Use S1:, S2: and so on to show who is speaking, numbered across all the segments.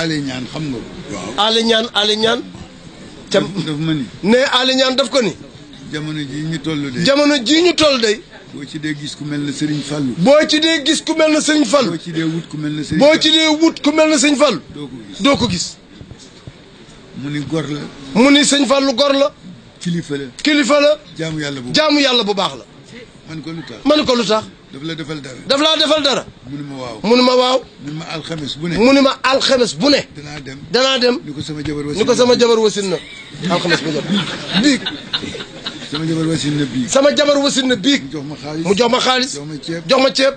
S1: Aly Niane xam nga ko. waaw Aly Niane Aly ca daf ma ni. ne Aly Niane daf ko ni. jamono ji ñu toll de. jamono ji ñu toll day boo ci dee gis ku mel ne Serigne Fallou. boo ci dee gis ku mel ne Serigne Fallou. ci dee wut ku mel na Serigne Fallou boo ci wut ku mel ne Serigne Fallou. doo ko gis doo ko gis. mu ni gor la. mu ni Serigne Fallou gor la. kilifa la kilifa la. yàlla bu baax yàlla bu baax la. من كل صاح دفلا دفل دفلا من ما واو من ما واو بني من ما الخميس بني دنا دم دنا دم جبر وسن نكو سما بيك سما جبر وسن بيك سما جبر وسن بيك جوخ خالص مو تيب جوخ ما تيب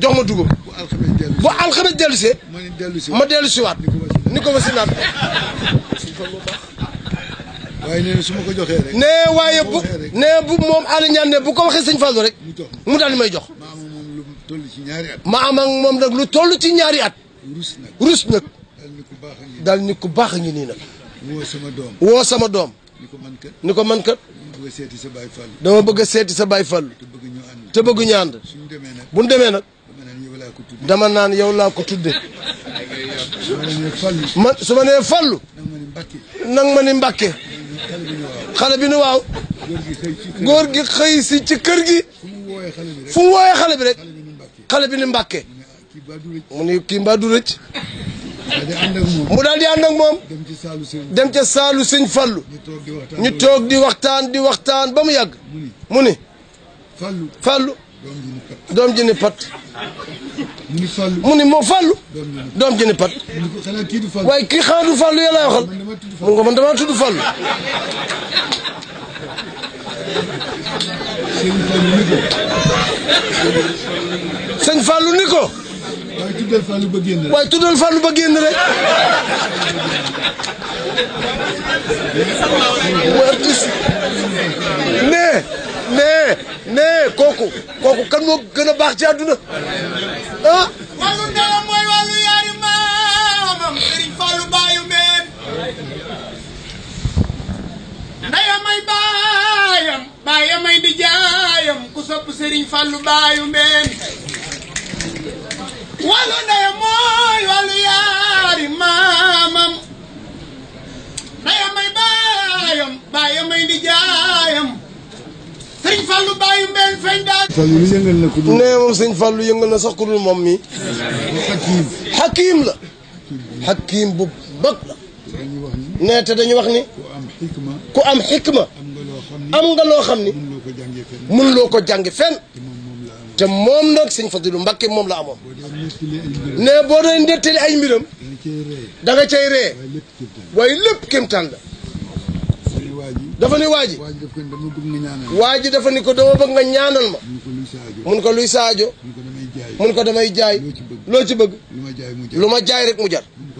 S1: جوخ ما دلسي ما دلسي ما دلسي وات نكو وسن waaye nee su ma ko joxee rek. nee waaye bu nee bu moom Aliou Niane ne bu ko waxee sëñ Fallou rek. mu daal di may jox. ma am moom lu toll ci ñaari at. ma am moom nag lu toll ci ñaari at. rus nag rus nag. daal nit ku baax a ngi nii nag. woo sama doom woo sama doom. ni ko man kat ni ko man kat. dama bëgg a seeti sa baay Fallou. dama bëgg seeti sa baay Fallou. te bëgg ñu ànd. te bëgg ñu ànd. suñu demee nag bu ñu demee nag. dama naan yow laa ko tudde man su ma nee Fallou. nang ma ni Mbacke. ma ni Mbacke. xale bi ni waaw góor gi xëy si ci kër gi fu mu wooyee xale bi rek xale bi ni mbàkke mu ni kii mbaa du rëcc mu daal di ànd ak moom dem ca saalu sëñ Fallu ñu toog di waxtaan di waxtaan ba mu yàgg mu ni doom ji ni pat mu ni moo fàllu doom ji ni pat waaye kii xanaa du fàllu yàlla waxal mu nga man damaa tudd fàllu sëñ fàllu ni ko waaye tuddal fàllu ba génn kooku kooku kan moo gën a baax ci àdduna ah. wàllu mooy wàllu yaari maamam Serigne Fallou baayu meen baayam baayam ay nijaayam ku sopp Serigne Fallou baayu Fallou yëngal na ku dul. nee moom sëñ Fallou yëngal na sax ku moom mi. xakiim xakiim la. xakiim bu bëgg la. nee te dañu wax ni. ku am xikma. am nga loo xam ni. mun loo ko jàngi fenn. te moom nag sëñ Fadilu Mbàkke moom la amoon. ne boo doon nettali ay mbiram. da nga cay ree. waaye lépp kéemtaan la. dafa ni waa ji waa ji dafa ni ko dama bëgg nga ñaanal ma mun ko luy saajo mun ko damay jaay loo ci bëgg lu ma jaay rek mu jar mun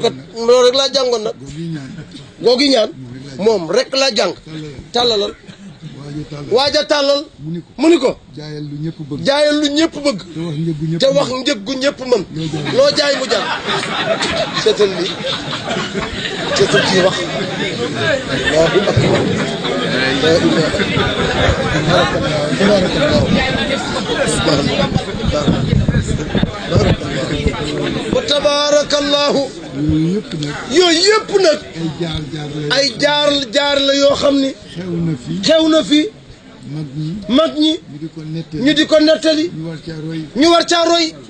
S1: ko loolu rek laa jàngoon nag googi ñaan moom rek laa jàng tàllalal waaja tàllal mu ni ko jaayal lu ñëpp bëgg jaayal lu ñëpp bëgg te wax ñëpp mën loo jaay mu jar seetal li seetal ci wax allahu akbar la ilaha illallah wa tabaarakallaahu yooyu yëpp nag yooyu yëpp nag ay jaar jaar la yoo xam ni xew na fi fi mag ñi mag ñi ñu di ko nettali ñu war caa roy ñu war caa roy